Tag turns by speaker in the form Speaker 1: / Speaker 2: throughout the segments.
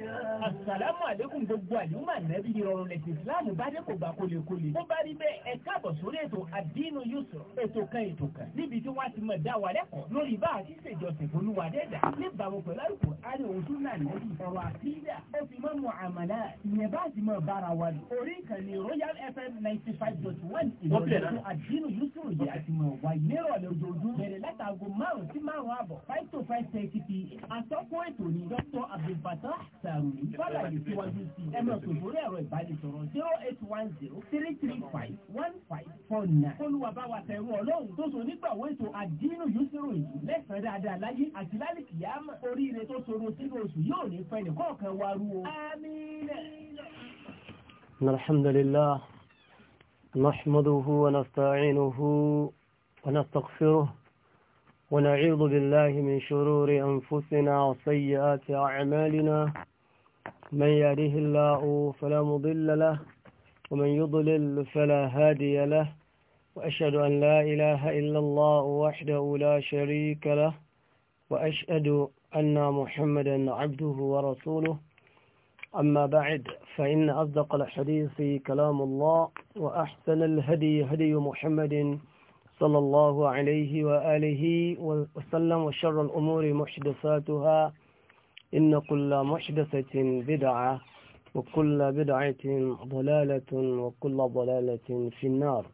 Speaker 1: Àsàlámù àlékún gbogbo àlùmọ̀ nẹ́bí ìrọ̀rùn lẹ̀sìn Ìsìláàmù bá kò gbà kólekóle. Ó bá rí bẹ́ẹ̀ ẹ káàbọ̀ sórí ètò àdínú Yusuf. Ètò kan ètò kan. Níbi tí wọ́n ti mọ̀ dá wa lẹ́kọ̀ọ́ lórí bá àti ìṣèjọsìn olúwa dẹ́dà. Níbàámu pẹ̀lú àrùkù àrẹ òtún náà lẹ́bí ọ̀rọ̀ àfíìdà. Ẹ fi mọ́ mu'amala ìyẹn bá ti mọ̀ bára wa lò. Orí ìkànnì Royal FM ninety five dot one ìrọ̀lẹ́ àdínú Yusuf yìí àti mọ̀ wáyé. Nírọ̀lẹ́ ojoojúmọ́ bẹ̀rẹ̀ látàgò márùn-ún sí márùn-ún àbọ̀ five to five thirty pm. Àtọ́kùn ètò ni Dr. Abdulfatah dàrú ní fọ́lá yìí síwájú sí ẹ máa pè ẹ̀rọ ìbánisọ̀rọ̀ zero eight one zero three three five one five four nine. olùwà tẹ̀rù ọlọ́run tó so nígbà ètò àdínú yìí sọ̀rọ̀ yìí lẹ́sàn-án dáadáa láyé àti lálìkì yá mà oríire tó soro sínú oṣù yóò ní fẹ́ nìkọ́ọ̀kan wa rú o. amínà.
Speaker 2: alhamdulillah nahmaduhu wa ونعوذ بالله من شرور أنفسنا وسيئات أعمالنا من يهده الله فلا مضل له ومن يضلل فلا هادي له وأشهد أن لا إله إلا الله وحده لا شريك له وأشهد أن محمدا عبده ورسوله أما بعد فإن أصدق الحديث كلام الله وأحسن الهدي هدي محمد صلى الله عليه وآله وسلم وشر الأمور محدثاتها إن كل محدثة بدعة وكل بدعة ضلالة وكل ضلالة في النار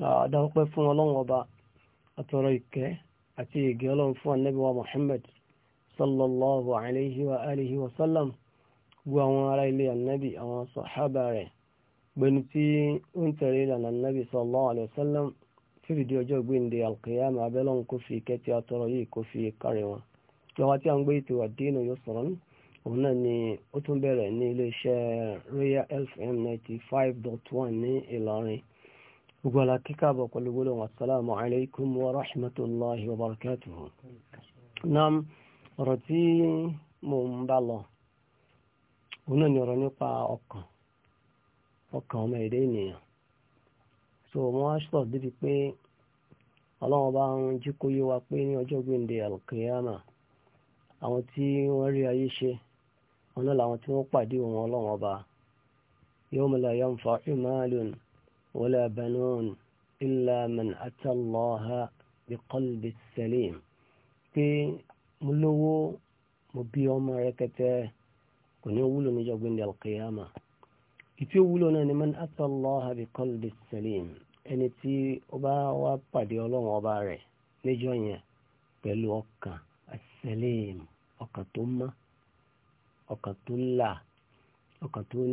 Speaker 2: هذا هو قف الله وبا أتريك أتيك يلون فو النبي ومحمد صلى الله عليه وآله وسلم وهو على النبي أو صحابه بنتي أنت لنا النبي صلى الله عليه وسلم في فيديو جو بندي القيامة بلون كفي كتي أتريك كفي كريمه lọ́wọ́ tí a ń gbé ètò àdínà yóò sọ̀rọ̀ ní òun náà ni ó tún bẹ̀rẹ̀ ní iléeṣẹ́ royal fm ninety five dot one ní ìlọrin gbogbo ala kíkà bọ̀ pẹ̀lú gbólóhùn asalaamu alaykum wa rahmatulahi wa barakatuhu. nam ọ̀rọ̀ tí mo ń bá lọ òun náà ni ọ̀rọ̀ nípa ọkàn ọkàn ọmọ èdè ènìyàn so mo wá sọ débi pé ọlọ́run bá ń jí kó yé wa pé ní ọjọ́ gbèǹde alkiyama àwọn tí wọ́n rí ayé ṣe wọn náà làwọn tí wọ́n pàdé wọn ọlọ́wọ́n ọba yawma la yanfa'u malun wala banun illa man ata Allaha bi qalbin salim pé mo lówó mo bí ọmọ rẹkẹtẹ kò ní wúlò níjọ́ gbẹndẹ alqiyama ìtí ó wúlò náà ni man ata Allaha bi qalbin ẹni tí ó bá pàdé ọlọ́wọ́n ọba rẹ̀ níjọ́ yẹn pẹ̀lú ọkàn salim e. ọkàn ma mọ́ la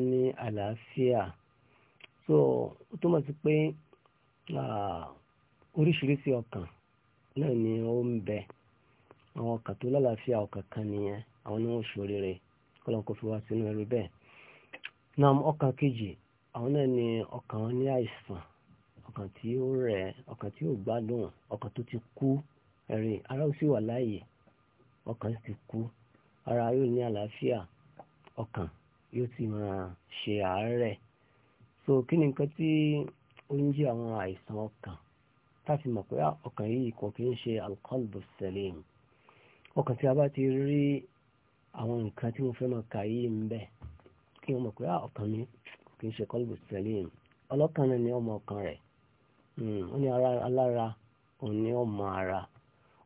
Speaker 2: ní àlàáfíà so ó túmọ̀ sí pé oríṣiríṣi ọkàn náà ni ó ń bẹ àwọn ọkàn tó lálàáfíà ọkàn kan nìyẹn àwọn ni wọ́n ṣoríire kọ́lọ́n kó fi wá sínú ẹrú bẹ́ẹ̀ náà ọkàn kejì àwọn náà ni ọkàn wọn ní àìsàn ọkàn wà láàyè ọkàn sì kú ara yóò ní àlàáfíà ọkàn yóò sì máa ṣe àárẹ̀ so kí ni nǹkan tí ó ń jẹ́ àwọn àìsàn ọkàn láti mọ̀ pé ah, ọkàn yìí kò kí ń ṣe alqalbu salim ọkàn tí a bá ti rí àwọn nǹkan tí mo fẹ́ máa kà yìí ń kí wọ́n mọ̀ pé ah, ọkàn mi ṣe ni ọmọ ọkàn rẹ̀ hmm, ó ní alára òun ni ọmọ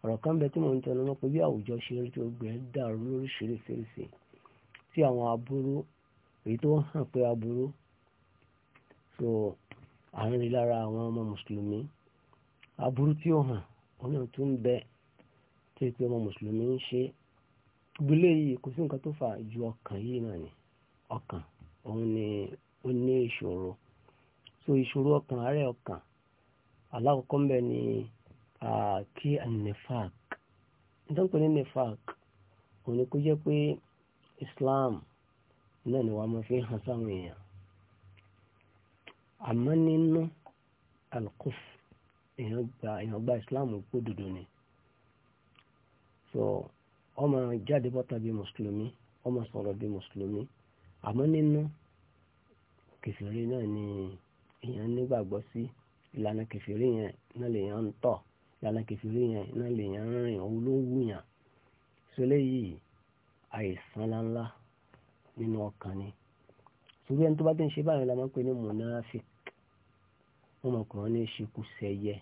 Speaker 2: ọ̀rọ̀ kan bẹ tí mò ń tẹnu mọ́ pé bí àwùjọ ṣe rí tí obìnrin dàrú lóríṣiríṣiríṣi tí àwọn aburú èyí tó hàn pé aburú so à ń rí lára àwọn ọmọ mùsùlùmí aburú tí ó hàn òun náà tún bẹ tí pé ọmọ mùsùlùmí ń ṣe gbélé yìí kò sí nǹkan tó fà ju ọkàn yìí náà ni ọkàn òun ni ó ní ìṣòro so ìṣòro ọkàn àárẹ̀ ọkàn alákọ̀ọ́kọ́ ń bẹ ni kí anifak nítorí pé ní nifak òun ni kó jẹ́ pé Islam náà ni wàá máa fi hàn sáwọn èèyàn àmọ́ nínú alkuf èèyàn gba Islam kó dodo ni so ọmọ jáde bọ́ta bíi mùsùlùmí ọmọ sọ̀rọ̀ bíi mùsùlùmí àmọ́ nínú kẹfìrí náà ni èèyàn nígbàgbọ́ sí ìlànà kẹfìrí yẹn náà lèèyàn ń tọ̀ lànà kẹfìrí yẹn náà lè yàn rìn òun ló ń wù yàn sọlẹ yìí àìsàn ńláńlá nínú ọkàn ni torí ẹni tó bá ti ń ṣe báyìí la máa ń pè ní monafik wọn mọ kàn ní ṣekú sẹyẹ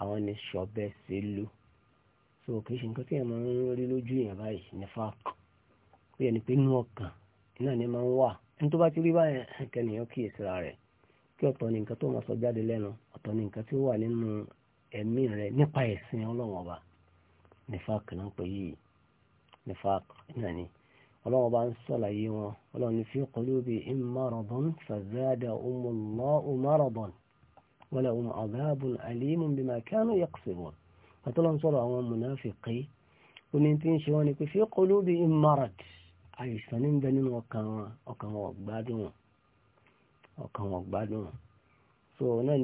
Speaker 2: àwọn ní ṣọbẹ sílu so kì í ṣe nǹkan tí ẹ máa ń rí lójú yẹn báyìí ní fák ó yẹ ni pé inú ọkàn náà ni máa ń wà ẹni tó bá ti rí báyẹn kẹnìyàn kíyèsára rẹ̀ kí ọ̀tọ̀ ni nǹkan tó máa sọ jáde lẹ́nu ọ̀tọ̀ ni nǹkan tí ó wà nínú ẹ̀mí rẹ nípa ẹ̀sìn ọlọ́wọ́n ọba nifak náà pé yìí nifak náà ni ọlọ́wọ́n ọba ń sọ̀làyé wọn ọlọ́wọ́n ní fi qulubi maradun fazadahumullahu maradan wa lahum adhabun alimun bima kanu yaksibun àtọ́lọ́n sọ̀rọ̀ àwọn mùnáfìkì oní tí ń ṣe wọ́n ni pé fi qulubi marad àìsàn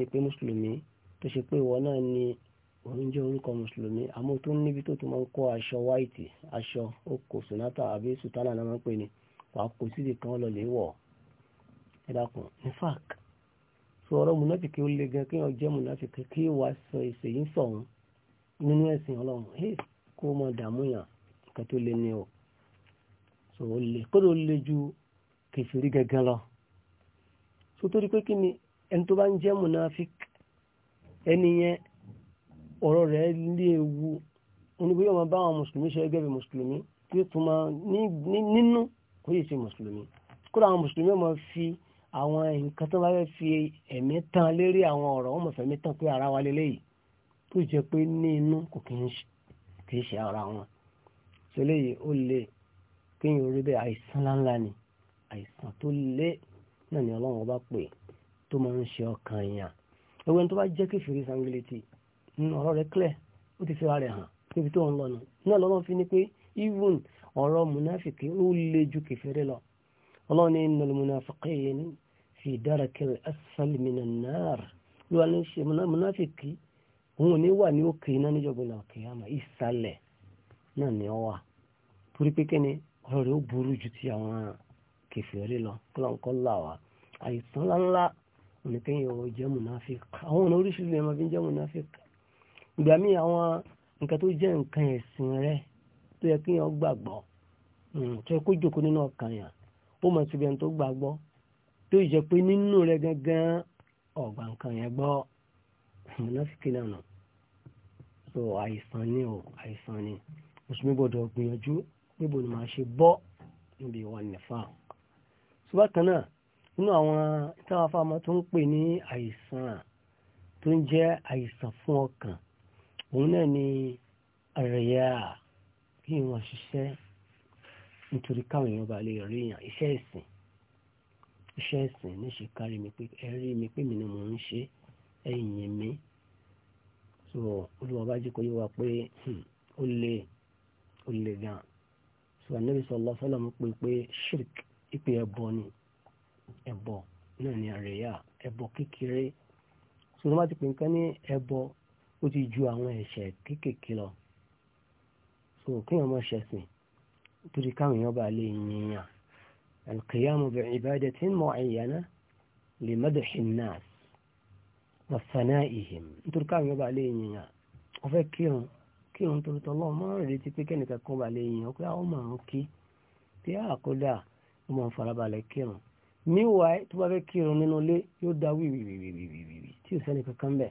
Speaker 2: ní bẹ tó ṣe pé ìwọ náà ni òun jẹ́ orúkọ mùsùlùmí àmọ́ tó níbi tó tó máa ń kó aṣọ wáìtì aṣọ ó kò sùnátà àbí sùtánà náà máa ń pè ní wà á kó síbi kan lọ lè wọ̀ ẹ dákun ní fàk sọ ọ̀rọ̀ múnáfìkì ó le gan kí wọ́n jẹ́ múnáfìkì kí wàá sọ ìṣèyí sọ̀hún nínú ẹ̀sìn ọlọ́run kó máa dààmú yàn nǹkan tó le ní o so ó le kódò le ju kẹfìrí gangan lọ so torí pé kí ni ẹni tó bá ń jẹ́ múnáfìkì ẹni yẹn ọ̀rọ̀ rẹ̀ léwu onígbéyàwó máa bá àwọn mùsùlùmí ṣe gẹ́gẹ́ bí mùsùlùmí tí ó tún ị nínú kó yìí ṣe mùsùlùmí àwọn mùsùlùmí fi àwọn nǹkan tó bá fẹ́ fi ẹ̀mí tán lérí àwọn ọ̀rọ̀ wọn mọ̀fẹ́mí tán pé ara wa tó pé ní inú kò kì ara wọn ó orí bẹ́ẹ̀ àìsàn ni ẹwẹ́ tó bá jẹ́ kèfèrí sangileti ọ̀rọ̀ rẹ̀ clear ó ti fira rẹ̀ hàn níbi tó ń lọ nù náà lọ́wọ́ fi ni pé even ọ̀rọ̀ munafiki ó le ju kèfèrí lọ ọlọ́run ní innal munafiqin fi darakil asfal minan nar ló wà ní ṣe munafiki òun ò ní wà ní òkè iná níjọ̀gbọ̀n náà kì í ìsàlẹ̀ náà ni ọ wà torí pé kẹ́ni ọ̀rọ̀ rẹ̀ ó burú ju ti àwọn kèfèrí lọ kọ́lọ́nkọ́ là àìsàn ńláńlá oníkẹ́yìn ọ̀rọ̀ jẹ́ munafik àwọn ọ̀nà oríṣiríṣi ẹ̀mọ́ fi ń jẹ́ munafik ìgbà míì àwọn nǹkan tó jẹ́ nǹkan ẹ̀sìn rẹ tó yẹ kí yẹn gbàgbọ́ hmm, tó yẹ kó jòkó nínú ọkàn yẹn ó mọ̀ síbi ẹni tó gbàgbọ́ tó yẹ pé nínú rẹ gangan ọ̀gbà nǹkan yẹn gbọ́ munafik lẹ́nu so àìsàn ni o àìsàn ni mùsùlùmí gbọdọ̀ gbìyànjú níbo ni màá ṣe bọ́ níbi ìwà nìfà ṣùgbọ́n kan náà nínú àwọn ìtawàfàmọ́ tó ń pè ní àìsàn tó ń jẹ́ àìsàn fún ọkàn òun náà ni àrẹ̀yà kí wọ́n ṣiṣẹ́ nítorí káwọn èèyàn bá lè rí èèyàn iṣẹ́ ìsìn iṣẹ́ ìsìn ní ṣe kárí mi pé ẹ rí mi pé mi ni mò ń ṣe ẹ̀yìn mi so olúwa bá jí kó yé wa pé hmm, ó lè ó lè gan so ànábì sallallahu alaihi wasallam pé pé shirk ìpè ẹbọ ni ẹbọ náà ni àrẹ̀yà ẹbọ kékeré sọlá ti pè nǹkan ní ẹbọ ó ti ju àwọn ẹ̀ṣẹ̀ kéékèèké lọ so kéèyàn mọ̀ ṣẹ̀sìn torí káwọn èèyàn bá lè yìnyàn alqiyamu bi ibadatin mu'ayyana li madhi an-nas wa sana'ihim nítorí káwọn èèyàn bá lè wọ́n fẹ́ kírun kírun tọ́lọ́ mọ́ retí pé kẹ́nìkan kan bá lè kí tí ń níwàá tó bá fẹ́ kírun nínú ilé yóò dá wìwìwìwìwì tí ò sẹ́ni kankan bẹ̀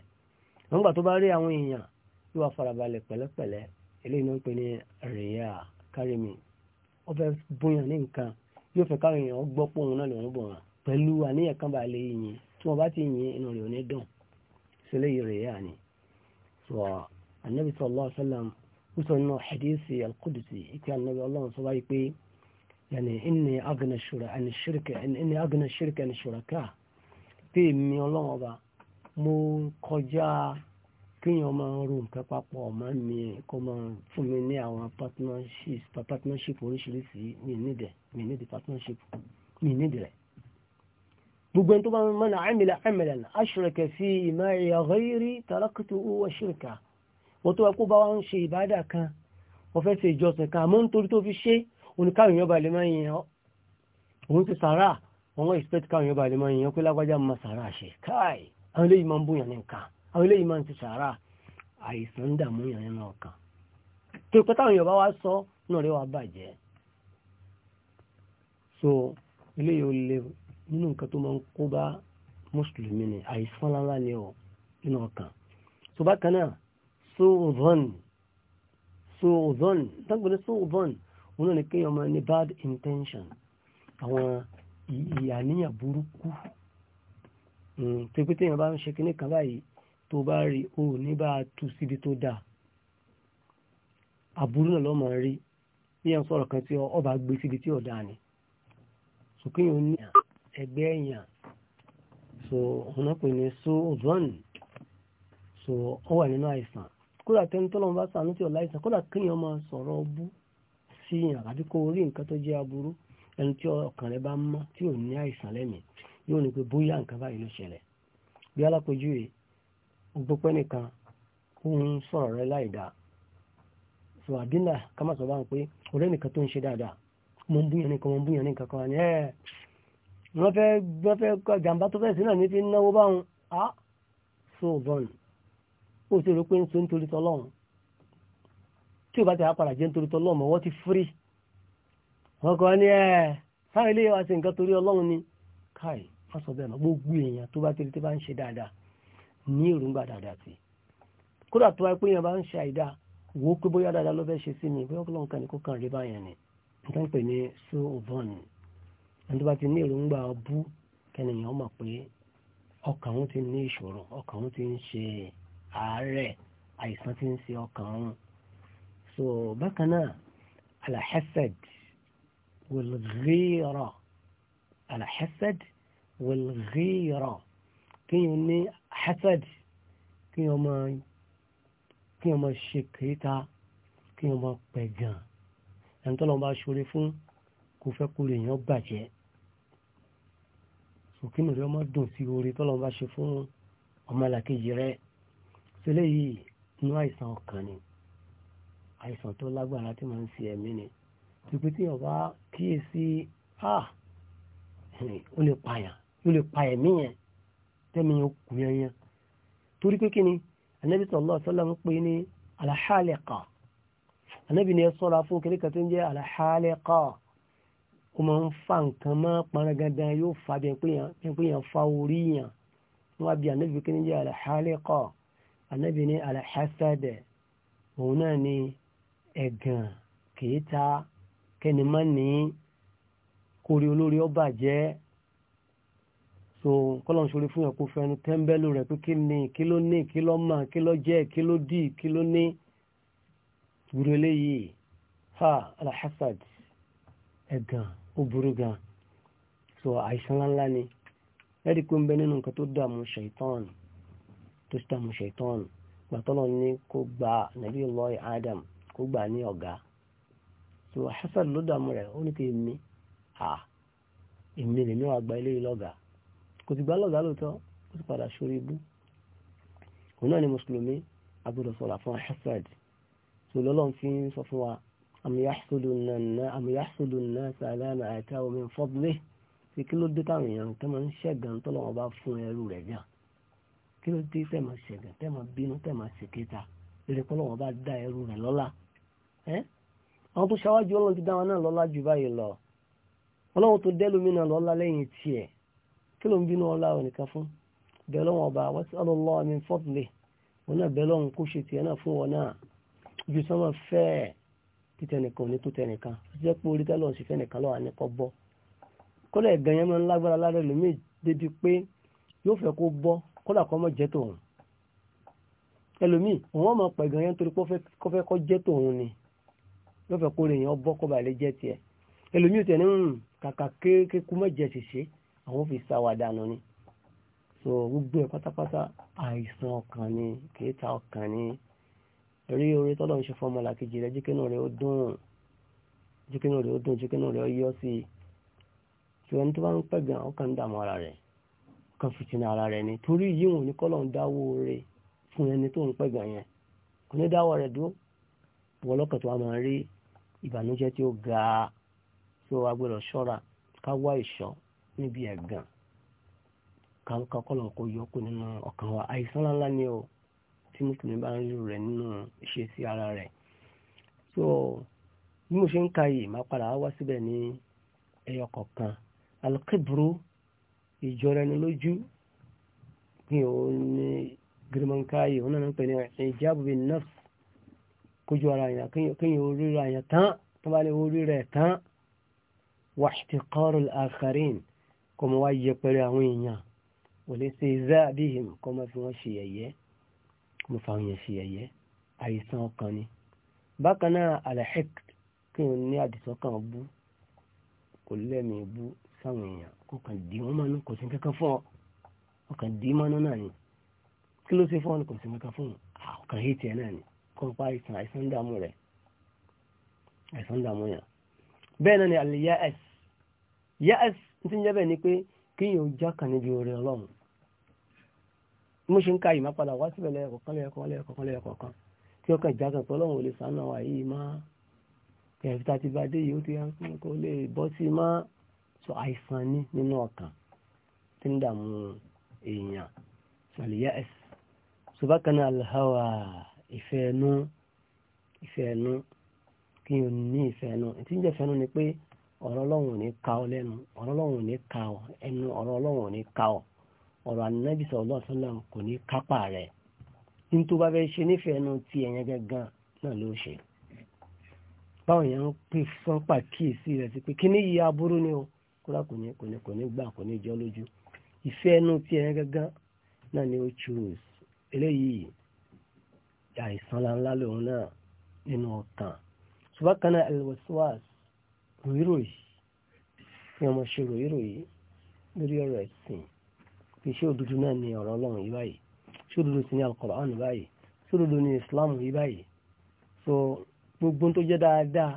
Speaker 2: wọ́n gbà tó bá rí àwọn èèyàn yóò wá farabalẹ̀ pẹ̀lẹ́pẹ̀lẹ́ eléyìí náà ń pè ní rèéyà kárìmì ó fẹ́ bóyá ní nǹkan yóò fẹ́ káwọn èèyàn gbọ́ pé òun náà lòún bọ̀ wọn pẹ̀lú àníyàn kan bá lè yin tí wọ́n bá ti yin inú rẹ̀ ò ní dùn sílẹ̀ yìí rèéyà ni. sọ anabi sallallahu alaihi ó sọ nínú hadisi al-Qudsi ìpè anabi ọlọ́run sọ wáyé يعني إني أغنى الشركاء عن الشركة إني أغنى الشركة عن الشركاء في مي Ọlọ́run ọba mo kọjá kéèyàn máa ro nǹkan papọ̀ mọ́ mi kó máa fún mi ní àwọn partnership partnership oríṣiríṣi mi nídẹ̀ mi nídìí partnership mi nídìí rẹ̀. gbogbo ẹni tó bá mọ́ náà amila amalan ashraka fi ma'i ghairi taraktuhu wa shirka wọ́n tó wá kó bá wọn ṣe ìbádà kan wọ́n fẹ́ ṣe ìjọsìn kan àmọ́ nítorí tó fi ṣe é oníkàwé yẹn balẹ̀ máa yẹn ọ́ òun ti sàrà àwọn expect káwé yẹn balẹ̀ máa yẹn ọ́ pé lágbájá máa sàrà ṣe káì àwọn eléyìí máa ń bóyàn ní nǹkan àwọn eléyìí máa ń ti sàrà àìsàn ń dààmú yàn nínú ọkàn tó pẹ́ táwọn lè nínú nǹkan tó máa ń kó bá mùsùlùmí ni àìsàn lára ni ọ nínú ọkàn so bákan so ọ̀dọ́n so ọ̀dọ́n dágbọ́n so ọ̀dọ́n wọn náà ni kéèyàn ní bad intention àwọn ìyàníyàn burúkú hmm, tó pé téèyàn bá ń ṣe kíní kan báyìí tó bá rí o ní bá a tú síbi tó dáa aburú náà lọ́mọ rí bí ẹ̀ ń sọ̀rọ̀ kan tí ọba gbé síbi tí ọ̀dà ni sùkúnyàn ní ẹgbẹ́ èèyàn so ọ̀nà so ọ̀dùn so ọ wà nínú àìsàn kódà tẹ́ni tọ́lọ́mọ bá sànú tí ọ̀la àìsàn kódà kéèyàn máa sọ̀rọ̀ ọbú síyàn àbí kó rí nǹkan tó jẹ́ aburú ẹni tí ọkàn rẹ bá mọ́ tí ò ní àìsàn lẹ́mìí yóò ní pé bóyá nǹkan báyìí ló ṣẹlẹ̀ bí alápèjúwe gbọ́pẹ́ nìkan ó ń sọ̀rọ̀ rẹ láì dáa sọ àdínà kámá sọ bá ń pé ọ̀rẹ́ nìkan tó ń ṣe dáadáa mo ń búyàn nìkan mo ń búyàn nìkan kan ni ẹ̀ wọ́n fẹ́ wọ́n fẹ́ jàǹbá tó fẹ́ sí náà fi náwó báwọn á ah, so ó sì rò pé ń so nítorí tọ́lọ́run tí o bá ti á padà jẹ́ nítorí tọ́lọ́mọ wọ́n ti fírí wọ́n kọ́ ní ẹ̀ sáwọn ilé wa ti nǹkan torí ọlọ́run ni káì wọ́n sọ bẹ́ẹ̀ mọ́ gbogbo èèyàn tó bá tẹ̀lé tó bá ń ṣe dáadáa ní èròǹgbà dáadáa sí kódà tó wáyé pé èèyàn bá ń ṣe àìdá wo pé bóyá dáadáa ló fẹ́ ṣe sí ni bóyá ọlọ́run kan ní kó kàn rí báyẹn ni nǹkan pè ní so ovon ẹni tó bá ti ní èròǹgbà ọbú kẹ́nìyàn mọ̀ pé ọkàn òun ti ní ìṣòro so bákan náà alahasad wal-ghira alahasad wal-ghira kíyàn ní hasad kíyàn máa kíyàn máa ṣe kìíta kíyàn máa pẹ̀ gan ẹni tó lọ́n bá ṣoore fún kò fẹ́ kó lè yàn bàjẹ́ òkínú rẹ ọmọ dùn sí oore tọ́lọ́n bá ṣe fún ọmọlàkejì rẹ sílẹ̀ yìí inú àìsàn ọkàn ni àìsàn tó lágbára tí máa ń ṣe ẹ̀mí ni pípẹ́ tí ọba kíyèsí ah, ó lè pààyàn ó lè pa ẹ̀mí yẹn tẹ́mi yẹn kù yẹn yẹn torí pé kí ni anabi sallallahu alaihi wasallam ń pè ní alahaliqa anabi ni ẹ sọ́ra fún kìnnìkan tó ń jẹ́ alahaliqa ó máa ń fa nǹkan mọ́ parangandan yóò fa bí ẹn pé yẹn fa orí yẹn wọ́n á bí anabi kí ni jẹ́ alahaliqa anabi ni alahasad òun náà ni ẹ̀gàn kìí ta kẹ́ni má ní kórí olórí ọba jẹ́ so kọ́lọ́n ṣorí fún ẹ̀kú fẹ́nu tẹ́ḿbẹ́lú rẹ̀ pé kí ni kí ló ní kí ló mà kí ló jẹ́ kí ló dì kí ló ní burú eléyìí ha alhassad ẹ̀gàn ó burú gan so àìsàn ńláńlá ni ẹ̀rí pé ń bẹ nínú nǹkan tó dààmú ṣaitan tó dààmú ṣaitan gbàtọ́lọ́ ní kó gba nàbí Allah Adam kó gbà ní ọ̀gá so Hasan ló dààmú rẹ̀ ó ní kí èmi à èmi lèmi wà gba ilé lọ́gà kò sì gbá lọ́gà lóòótọ́ ó sì padà sórí ibú òun náà ni mùsùlùmí agbọ́dọ̀ sọ̀rọ̀ fún Hasan so lọ́lọ́run fi ń sọ fún wa àmì yàsùlù náà sàlámà àìká omi fọ́bùlé sí kí ló dé táwọn èèyàn tó máa ń ṣẹ̀gàn tọ́lọ́wọ́n bá fún ẹrú rẹ̀ jà kí ló dé tẹ́ máa ṣẹ̀gàn tẹ́ máa bínú tẹ́ máa ṣèkéta lórí pé bá dá ẹrú rẹ̀ lọ́lá àwọn tó ṣáwájú ọlọ́run ti dá wọn náà lọ́lá jù báyìí lọ ọlọ́run tó dẹ́lómi náà lọ́lá lẹ́yìn tiẹ̀ kí ló ń bínú ọlá òníkan fún bẹ́ẹ̀ lọ́wọ́ ọba was'alullaha min fadlihi wọn náà bẹ́ẹ̀ lọ́run kó ṣe tiẹ̀ náà fún wọn náà ju sọ́mọ fẹ́ẹ̀ títẹnìkan ò ní tó tẹnìkan ó jẹ́ pé orí tẹ́lọ̀ sì fẹ́nìkan lọ́wọ́ àní kọ́ bọ́ kọ́lẹ̀ gan yẹn máa ń lágbára lára ẹlòmíì débi pé yóò fẹ́ kó rè yàn bọ́ kó balẹ̀ jẹ́ tiẹ̀ ẹlòmíì tẹ̀ ní hmm, kàkà kéèké kú mọ̀jẹ̀ àwọn fi sáwàdà nù ni so gbogbo ẹ̀ pátápátá àìsàn ọkàn ni kìí ta ọkàn ni rí orí tọ́lọ̀ ń ṣe fọmọ làkejì rẹ jíkínú rẹ ó dùn jíkínú rẹ ó dùn jíkínú rẹ ó yọ sí i tí wọn tó bá ń pẹ̀ gan ọkàn ń dààmú ara rẹ̀ ọkàn fìtínà ara rẹ̀ ni torí yíwọ̀n ní kọ́lọ̀ ń dáwó rẹ̀ fún ẹni tó ń pẹ̀ gan yẹn kò ní dáwọ́ rẹ̀ dúró wọ́n tó wà máa rí ìbànújẹ́ tí ó ga tí ó wá gbọ́dọ̀ ṣọ́ra ká wá ìṣọ́ níbi ẹ̀gàn káńká kọ́lọ̀ kó yọkù nínú ọkàn wa àìsàn ńláńlá ni o tí mùsùlùmí bá ń lò rẹ̀ nínú ìṣe sí ara rẹ̀ so bí mo ṣe ń ka yìí máa padà wá síbẹ̀ ní ẹyọ kọ̀ọ̀kan alukébùrú ìjọra ẹni lójú pé òun ní gírímọ̀nká yìí ń pè ní ìjábùbí nafs kójú ara èèyàn kéèyàn orí rẹ̀ èèyàn tán tó bá ní orí rẹ̀ tán wà ihtiqarul akharin kó mọ wá yẹpẹrẹ àwọn èèyàn kò lè ṣe zá bíhìm kó mọ fi wọn ṣe yẹ̀yẹ́ kó mọ fáwọn yẹn ṣe yẹ̀yẹ́ àìsàn ọkàn ni bákan náà alahek kéèyàn ní àdìsọ́kàn bú kò lẹ́mìí bú sáwọn èèyàn kò kàn dì wọ́n mọ́nú kò sí kankan fún ọ ọkàn dì mọ́nú náà ni kí ló ṣe fún ọ kò sí kankan fún ọ ọkàn hìtì ẹ náà ni kọpa àìsàn àìsàn dàmú rẹ̀ àìsàn dàmú yàn bẹ́ẹ̀ náà ni àlè yas yas tí ń jẹ́ bẹ́ẹ̀ ni pé kíyàn ó já kan níbi orí ọlọ́run mo ṣe ń ka ìmá padà wá síbẹ̀ lẹ́yọ̀kọ̀kan lẹ́yọ̀kọ̀kan lẹ́yọ̀kọ̀kan lẹ́yọ̀kọ̀kan tí ọkàn já kan pé ọlọ́run ò lè sànú àwa yìí má ẹ̀rí tá a ti bá dé yìí ó ti hàn fún kó lè bọ́ sí i má sọ àìsàn ní nínú ọkàn tí ń dààmú èèyàn sàlìyà ẹ̀sìn ṣùgbọ́n kan náà alhawa. ife ẹnu ìfẹ́ ẹnu kí o ní ìfẹ́ ẹnu tí ń jẹ́ ẹnu ni pé ọ̀rọ̀ ọlọ́run ò ní ka ọ lẹ́nu ọ̀rọ̀ ọlọ́run ò ní ka ọ ẹnu ọ̀rọ̀ ọlọ́run ò ní ka ọ ọ̀rọ̀ ànábì sallallahu kò ní ti ẹ̀yẹn gangan náà ló ṣe báwọn èèyàn ń pè fún pàkíyèsí si sí pé kí ní yìí aburú ni o kúrò kò ní kò ní kò ní gbà jọ lójú ti ẹ̀yẹn náà ni ó choose eléyìí àìsàn ńláńlá lòun náà nínú ọkàn ṣùgbọ́n kan náà alwaswas ròyìnròyìn tí wọ́n ṣe ròyìnròyìn lórí ọ̀rọ̀ ẹ̀sìn kì í ṣe òdodo náà ni ọ̀rọ̀ ọlọ́run yìí báyìí ṣé òdodo sì ni alukọ̀rán báyìí ṣé òdodo ni islam yìí báyìí so gbogbo tó jẹ́ dáadáa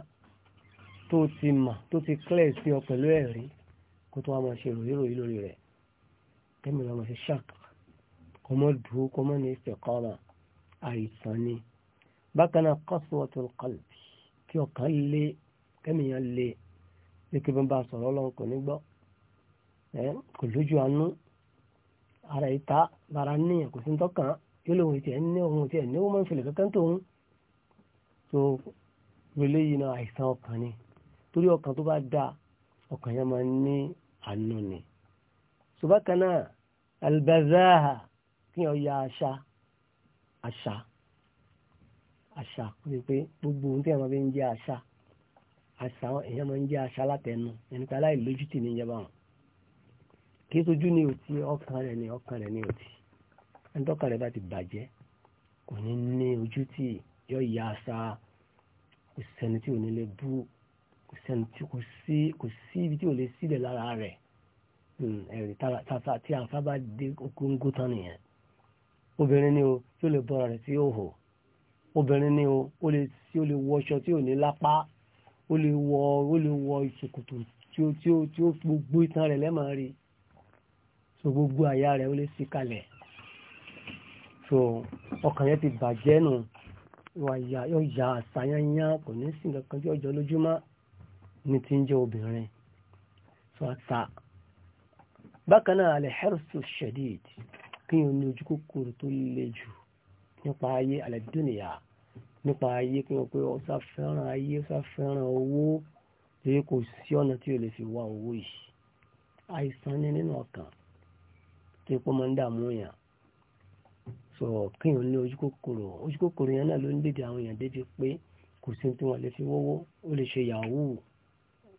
Speaker 2: tó ti mà tó ti clear sí ọ pẹ̀lú ẹ̀rí kó tó wá máa ṣe ròyìnròyìn lórí rẹ̀ kẹ́mi lọ́mọ ṣe ṣáàkì kọ́mọ́ dùn kọ́mọ́ ní ìfẹ̀kọ́ náà àìsàn ni bákan náà qaswatul qalbi kí ọkàn lé kẹ́mìyàn lé bí kí wọ́n bá sọ̀rọ̀ ọlọ́run kò ní gbọ́ kò lójú àánú ara ìta bara ní kò sí tọ́kàn yóò lóun ti ẹ̀ ní ohun ti ẹ̀ ní ó máa ń fẹlẹ̀ kankan tó relé yìí náà àìsàn ọkàn ni torí ọkàn tó bá dá ọkàn yẹn máa ní àánú ni. ṣùgbọ́n kan náà albazaha kí wọ́n ya aṣa àṣà àṣà pé gbogbo ohun tí àwọn fi ń jẹ àṣà àṣà èèyàn máa ń jẹ àṣà látẹnu ẹni tí aláìlójútì ní ìjọba wọn kí sojú ní òtí ọkàn rẹ ní ọkàn rẹ ní òtí ẹni tọkàn rẹ bá ti bàjẹ́ kò ní ní ojú tí yọ ìyá àṣà kò sẹ́ni tí ò ní lè bú kò sẹ́ni tí kò sí kò sí ibi tí ò lè sílẹ̀ lára rẹ̀ hmm, ẹ̀rí tí àǹfà bá dé góńgó tán nìyẹn obìnrin ni o tí ó lè bọ́ra rẹ̀ tí ó hò obìnrin ni o ó lè tí ó lè wọ aṣọ tí ò ní lápá ó lè wọ ó lè wọ ìṣòkòtò tí ó tí ó tí ó gbogbo itan rẹ̀ lẹ́mọ̀ rí so gbogbo àyà rẹ̀ ó lè sí kalẹ̀ so ọkàn yẹn ti bàjẹ́ nù wà yà yà àṣàyányá kò ní sí nǹkan tí ọjọ́ lójúmọ́ ní ti ń jẹ́ obìnrin so àtà bákan náà alẹ́ hẹ́rùsù ṣẹ̀díìdì kéèyàn ní ojú kòkòrò tó le jù nípa ayé àlẹ́dúnìyà nípa ayé kí wọ́n pé ọ̀sà fẹ́ràn ayé ọ̀sà fẹ́ràn owó lóye kò sí ọ̀nà tí o lè fi wá owó yìí àìsàn ni nínú ọkàn tó pọ́ máa ń dààmú èèyàn sọ kéèyàn ní ojú kòkòrò ojú kòkòrò yẹn náà ló ń dèdè àwọn èèyàn débi pé kò sí tí wọ́n lè fi wọ́wọ́ ó lè ṣe yahoo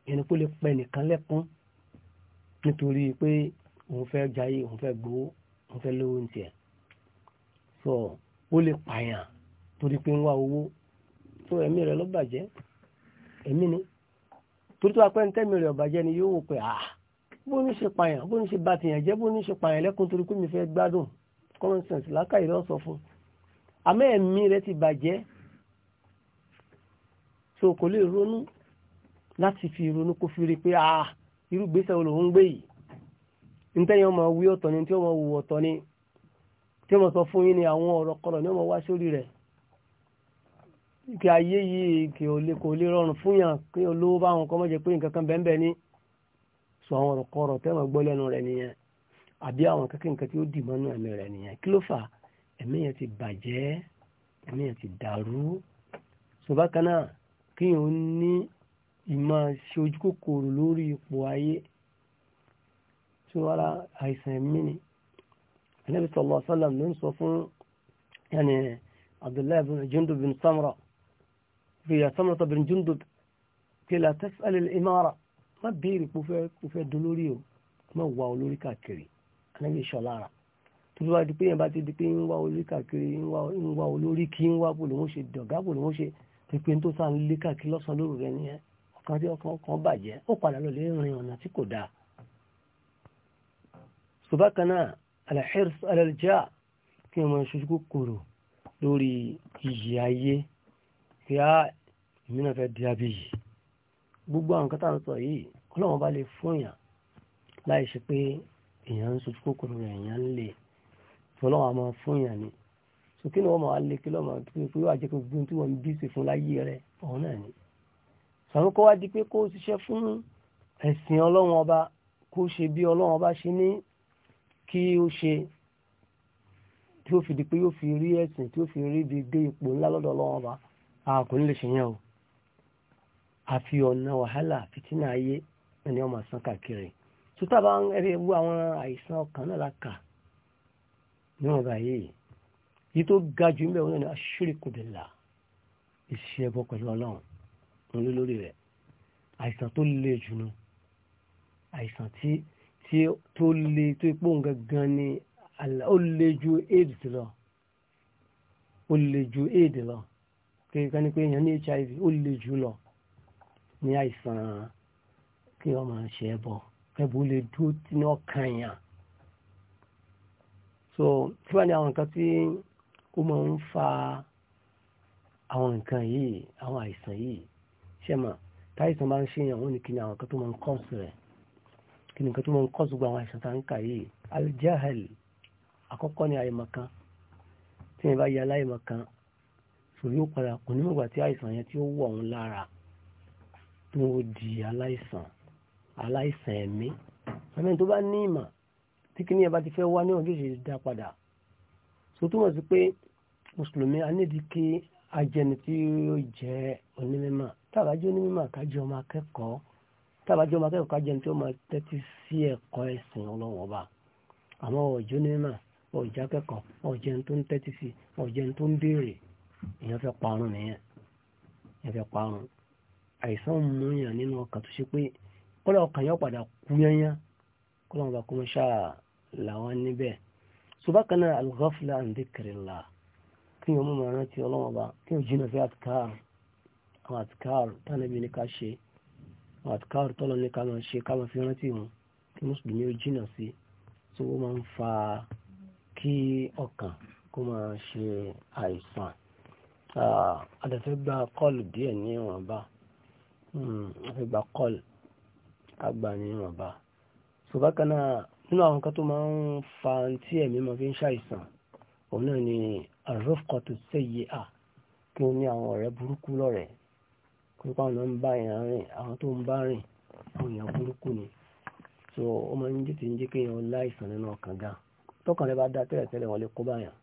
Speaker 2: ẹni kó lè pẹ́ nìkan lẹ́kún nítorí pé òun fẹ́ jayé òun fẹ́ gbowó mo fẹ́ lówó ń tiẹ̀ so ó lè pààyàn torí pé ń wá owó tó ẹ̀mí rẹ̀ ló bàjẹ́ ẹ̀mí ni torí tó wá pẹ́ ń tẹ́mi rẹ̀ ọ̀bàjẹ́ ni yóò wò pé ah bó ní ṣe pààyàn bó ní ṣe bá tìyàn jẹ́ bó ní ṣe pààyàn lẹ́kùn torí pé mi fẹ́ gbádùn common sense lákàyè lọ́ sọ fún àmọ́ ẹ̀mí rẹ̀ ti bàjẹ́ so kò lè ronú láti fi ronú kó fi rí pé ah irú wo lòun gbé yìí nítẹ́yìn ọmọ wí ọ̀tọ̀ ni tí ọmọ wù ọ̀tọ̀ ni tí ọmọ sọ fún yín ni àwọn ọ̀rọ̀ kọ̀rọ̀ ni ọmọ wá sórí rẹ̀ kí ayé yìí kì kò lè rọrùn fún yàn kí olówó bá wọn kọ́ mọ́ jẹ pé nǹkan kan bẹ́ẹ̀ ní sọ àwọn ọ̀rọ̀ kọ̀rọ̀ tẹ́mọ̀ gbọ́ lẹ́nu rẹ̀ nìyẹn àbí àwọn kankan nǹkan tí ó dì mọ́nú ẹ̀mí rẹ̀ nìyẹn kí ló fà ẹ̀mí yẹn ti bàjẹ́ ẹ̀mí yẹn ti dàrú sọ bákan kí yẹn ó ní ìmọ̀ ṣe kòkòrò lórí ipò ayé tí wọ́n ra àìsàn ẹ̀mí ni Ànábì sallallahu alaihi wasallam ló ń sọ fún yàní Abdullahi bin Jundub bin Samra fi ya Samra bin Jundub kí la tas'al al-imara má béèrè kó fẹ́ dolórí o má wà olórí káàkiri Ànábì ṣọlára tó bá di pé yẹn bá ti di pé ń wá olórí káàkiri ń wá olórí kí ń wá bò ṣe dọ̀gá bò ṣe pípé tó sáà ń lé káàkiri lọ́sàn-án lóru rẹ nìyẹn ọkàn tí ọkàn bàjẹ́ ó padà lọ lè rìn ọ̀nà tí kò dáa tó bá kan náà alhirs ala al-jaa kí wọ́n máa ṣojú kòkòrò lórí iyì ayé kí á ìmínà fẹ́ di abiyì gbogbo àwọn kátà ń sọ yìí ọlọ́wọ́n bá lè fún èèyàn láì ṣe pé èèyàn ń ṣojú kòkòrò rẹ̀ èèyàn ń lè tọ́lọ́wọ́n a máa fún èèyàn ni so kí ni wọ́n máa lè kí lọ́ máa tó pé wà jẹ́ pé gbogbo tí wọ́n bí sí fún láyé rẹ̀ ọ̀hún náà ni sàmúkọ wá di pé kó ṣiṣẹ́ fún ẹ̀sìn ọlọ́wọ́n ọba kó ṣe bí ọlọ́wọ́n ọba ṣe ní kí ó ṣe tí ó fi di pé yóò fi rí ẹ̀sìn tí ó fi rí ibi dé ipò ńlá lọ́dọ̀ ọlọ́wọ́n ọba a kò ní lè ṣe yẹn o àfi ọ̀nà wàhálà fìtínà ayé ẹni ọmọ àsán káàkiri tuta bá ń rí ewu àwọn àìsàn ọkàn náà láka níwọ̀n báyìí yìí tó ga jù ń bẹ̀ wọ́n ní aṣíríkù billah ìṣe ẹbọ pẹ̀lú ọlọ́run òun ló lórí rẹ̀ àìsàn tó le jù nù àìsàn tí tí tó le tó ipò gangan ni ó le ju aids lọ ó le ju aids lọ kéèkan ni pé èèyàn ní hiv ó le jù lọ ní àìsàn kí wọ́n máa ṣe ẹbọ ẹbọ lè dúró tí wọ́n kàn yàn so tí wọ́n ní àwọn nǹkan tí ó máa ń fa àwọn nǹkan yìí àwọn àìsàn yìí ṣe mọ̀ táìsàn bá ń ṣe yàn wọ́n ní kí ni àwọn nǹkan tó máa ń kọ́ọ̀sì rẹ̀ kí ni nǹkan tó mọ̀ ń kọ́ ṣùgbọ́n àwọn àìsàn tá ń kà yìí aljahal àkọ́kọ́ ni àìmọ̀kan tí yẹn bá yẹ aláìmọ̀kan sòrí ó padà kò ní mọ̀gbà tí àìsàn yẹn tí ó wọ̀ òun lára tó ń di aláìsàn aláìsàn ẹ̀mí ẹ̀mí tó bá ní ìmọ̀ tí kí ni ẹ̀ bá ti fẹ́ wá ní ọjọ́ ìṣèlú dá padà tó túmọ̀ sí pé mùsùlùmí anídi kí ajẹni tí ó jẹ́ onímọ̀ tàbájú onímọ̀ kájọ ọmọ akẹ́kọ̀ọ́ tábàjọ́ máa kẹ́kọ̀ọ́ kájẹ́ tí ó máa tẹ́tí sí ẹ̀kọ́ ẹ̀sìn ọlọ́wọ́n ọba àmọ́ ọ̀jọ́ nímà ọ̀já kẹ́kọ̀ọ́ ọ̀jẹ́ tó ń tẹ́tí sí ọ̀jẹ́ tó ń béèrè èèyàn fẹ́ parun nìyẹn èèyàn fẹ́ parun àìsàn mú yàn nínú ọkàn tó ṣe pé kọ́lá ọkàn yóò padà kú yányán kọ́lá ọba kọ́mọ ṣáà làwọn níbẹ̀ ṣùgbọ́n náà al-ghafla an dhikrillah kí wọ́n mú màá rántí ọlọ́wọ́n ọba kí wọ́n jìnnà àtikáàrù tọ́lọ ní ká máa ṣe ká máa fi rántí wọn kí mùsùlùmí ó jìnà sí tó ó máa ń fa kí ọkàn kó máa ṣe àìsàn adẹ̀fẹ́ gba kọ́ọ̀lù díẹ̀ ní ìwọ̀nba hmm, afẹ́ gba kọ́ọ̀lù àgbà ní ìwọ̀nba so bákan náà nínú àwọn kan tó máa ń fa tí ẹ̀mí máa fi ń ṣàìsàn òun náà ni àrùfkọ̀tù sẹ́yìí à kí ó ní àwọn ọ̀rẹ́ burúkú lọ́rẹ̀ẹ́ kópa ọ̀nà ń bá èèyàn rìn àwọn tó ń bá rìn àwọn èèyàn burúkú ni so ó máa ń tètè ń jẹ́ kí láìsàn nínú ọkàn gan tọkàn rẹ bá dá tẹ́lẹ̀ tẹ́lẹ̀ wọn lè kó bá yàn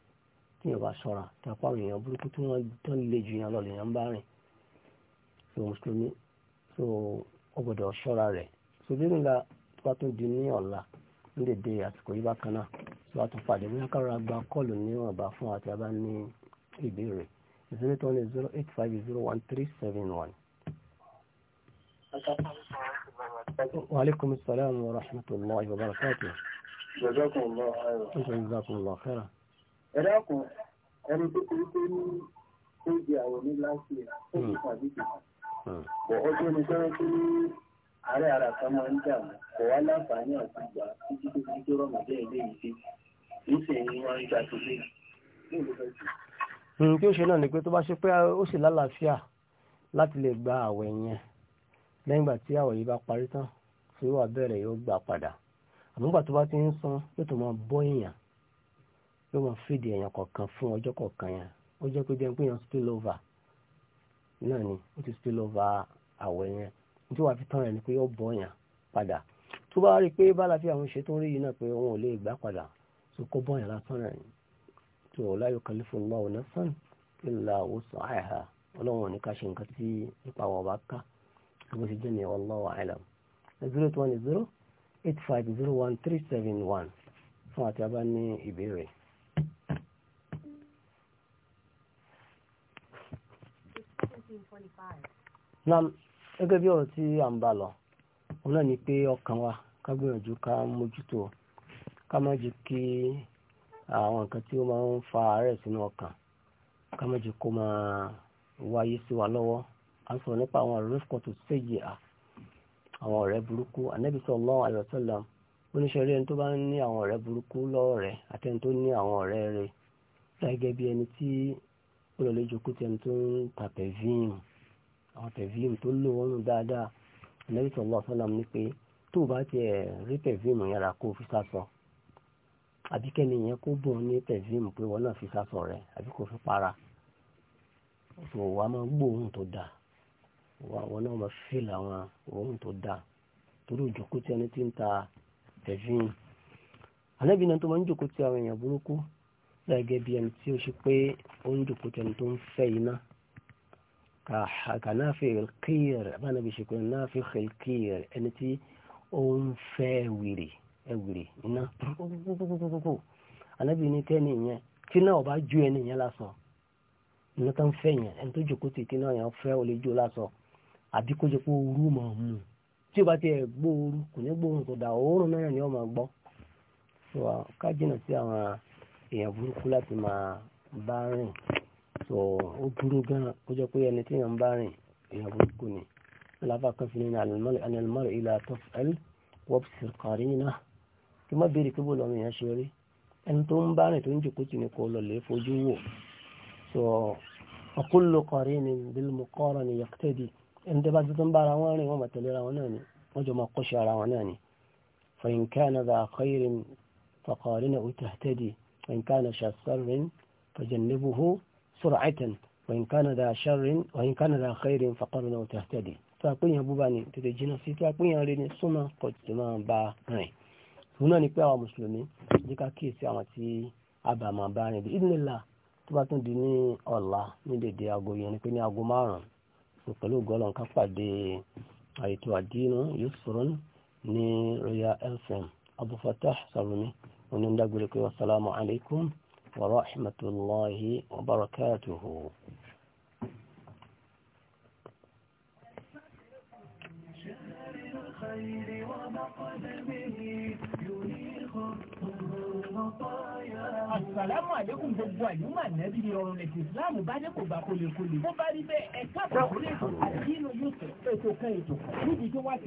Speaker 2: tí èèyàn bá ṣọ́ra tàpá àwọn èèyàn burúkú tí wọ́n tó le ju yàn lọ lè yàn bá rìn so mùsùlùmí so ó gbọ́dọ̀ ṣọ́ra rẹ̀ so bí nìlá tó bá tún di ní ọ̀la ń lè de àsìkò yìí bákan náà so a tún padà bóyá kára gba kọ́ọ̀lù níwọ̀nba fún àti abá ní ìbéèrè zero two zero eight five zero one three seven one. وعليكم السلام ورحمة الله وبركاته جزاكم الله خيرا جزاكم الله خيرا
Speaker 1: ẹ̀dàkùn ẹni tó kiri tó ní tó di àwọn ní láti tó ti hmm. pàdé kìkà hmm. kò ọjọ́ ní sọ́rọ́ tó ní ààrẹ ara kan máa ń jà kò wá láǹfààní àti ìgbà títí tó fi tó rọ̀mọ̀ bẹ́ẹ̀ léyìí sí nísìnyí wọn ń jà tó lé
Speaker 2: hmm, kí ó ṣe náà ni pé tó bá ṣe pé ó sì lálàáfíà láti lè gba àwẹ̀ yẹn lẹ́yìn ìgbà tí àwẹ̀ yìí bá parí tán tí ó wà bẹ̀rẹ̀ yóò gbà padà àmúgbà tó bá ti ń san yóò tó máa bọ́ èèyàn yóò máa fìdí èèyàn kọ̀ọ̀kan fún ọjọ́ kọ̀ọ̀kan yẹn ó jẹ́ pé jẹun pé èèyàn spill over náà ni ó ti spill over yẹn tí wàá fi tán ni pé yóò bọ́ èèyàn padà tó bá rí i pé bá láfi àwọn ṣe rí yìí náà pé ò lè gbà padà tó la bó ṣe jẹ́ nìyẹn wallahu a'lam zero two one zero eight five zero one three seven one fún àti abá ní nam gẹ́gẹ́ bí ọ̀rọ̀ tí à ń bá lọ òun náà ni pé ọkàn wa ká gbìyànjú ká mójútó ká má jẹ́ kí àwọn nǹkan tí ó máa ń fa àárẹ̀ sínú ọkàn ká má jẹ́ kó máa wáyé sí wa lọ́wọ́ à ń sọ̀rọ̀ nípa àwọn àrùsùkọ̀ tó séye à àwọn ọ̀rẹ́ burúkú ànábì sallallahu alaihi wasallam oníṣẹ́rí ẹni tó bá ń ní àwọn ọ̀rẹ́ burúkú lọ́rẹ̀ẹ́ àtẹni tó ní àwọn ọ̀rẹ́ rẹ̀ gẹ́gẹ́ bí ẹni tí ó lọ lójú kú tẹni tó ń ta pẹ̀víìmù àwọn pẹ̀víìmù tó lò wọ́n nù dáadáa ànábì sallallahu alaihi wasallam ní pé tó bá tiẹ̀ rí pẹ̀víìmù yẹn ra kó fi sásọ àbí kẹ́ni yẹn kó bùn ní pẹ̀víìmù pé wọ́n náà fi sásọ rẹ̀ àbí kó fi para òṣùwò wa máa gbóòórùn tó dáa wa wọn náà máa fíìlì àwọn òórùn tó dáa torí òjòkó tí ẹni tí ń ta pẹ̀fín ànábì náà tó máa ń jòkó tí àwọn èèyàn burúkú gẹ́gẹ́ bí ẹni tí ó ṣe pé ó ń jòkó tí ẹni tó ń fẹ́ iná kànáà fi kírẹ̀ bánabi ṣe pé náà fi kírẹ̀ ẹni tí ó ń fẹ́ wìrì ẹwìrì iná púpúpúpúpúpú ànábì ní tẹ́ni yẹn tí náà ọba ju ẹni yẹn lásán iná ń fẹ́ yẹn ẹni tó jòkó tì tí náà yẹn fẹ́ olè jó lásán àbí kó jẹ́ pé ooru máa mú un tí o bá ti ẹ̀ gbọ́ ooru kò ní gbóòórùn tó da òórùn náà ni ó máa gbọ́ so ká jìnnà sí àwọn èèyàn burúkú láti máa bá rìn so ó burú gan kó jẹ́ pé ẹni tí èèyàn bá rìn èèyàn burúkú ni lábàá kan fi ní alimọ́rẹ̀ ilà tọ́fẹ́l wọ́pùsì kàrínà kí má béèrè pé bó lọ́mọ èèyàn ṣe rí ẹni tó ń bá rìn tó ń jòkó tì ní kó lọ lè fojú wò so ọkùnlù kàrín ni bílmù kọ́rọ̀ ni yàtẹ́dì ẹni tẹ́ bá ti tó ń bára wọn rìn wọ́n máa tẹ̀lé ara wọn náà ni wọ́n jọ máa kọ́ṣẹ́ ara wọn náà ni fa in kana dha khairin faqarinahu tahtadi wa in kana dha sharrin fajannibuhu sur'atan wa in kana dha sharrin wa in kana dha khairin faqarinahu tahtadi tó àpéyàn búba ni tètè jìnnà sí so pẹ̀lú gọ́lọ̀ ká pàdé àìtò àdínú yusrun ní royal fm abdulfatah sarumi onídàgbére pé wasalaamu alaykum wa rahmatulahi wa barakatuhu.
Speaker 1: خير ومقدمه يريخ الطرق Àsàlámù àlékún gbogbo àyúmọ̀ nẹ́bí ọrùn lẹ́sìn Ìsìláàmù bá dé kò gbà kólekóle. Bó bá rí bẹ́ẹ̀ ẹ̀ka àbúrò ètò àti inú yóò tẹ̀ ètò kan ètò níbi tí wọ́n ti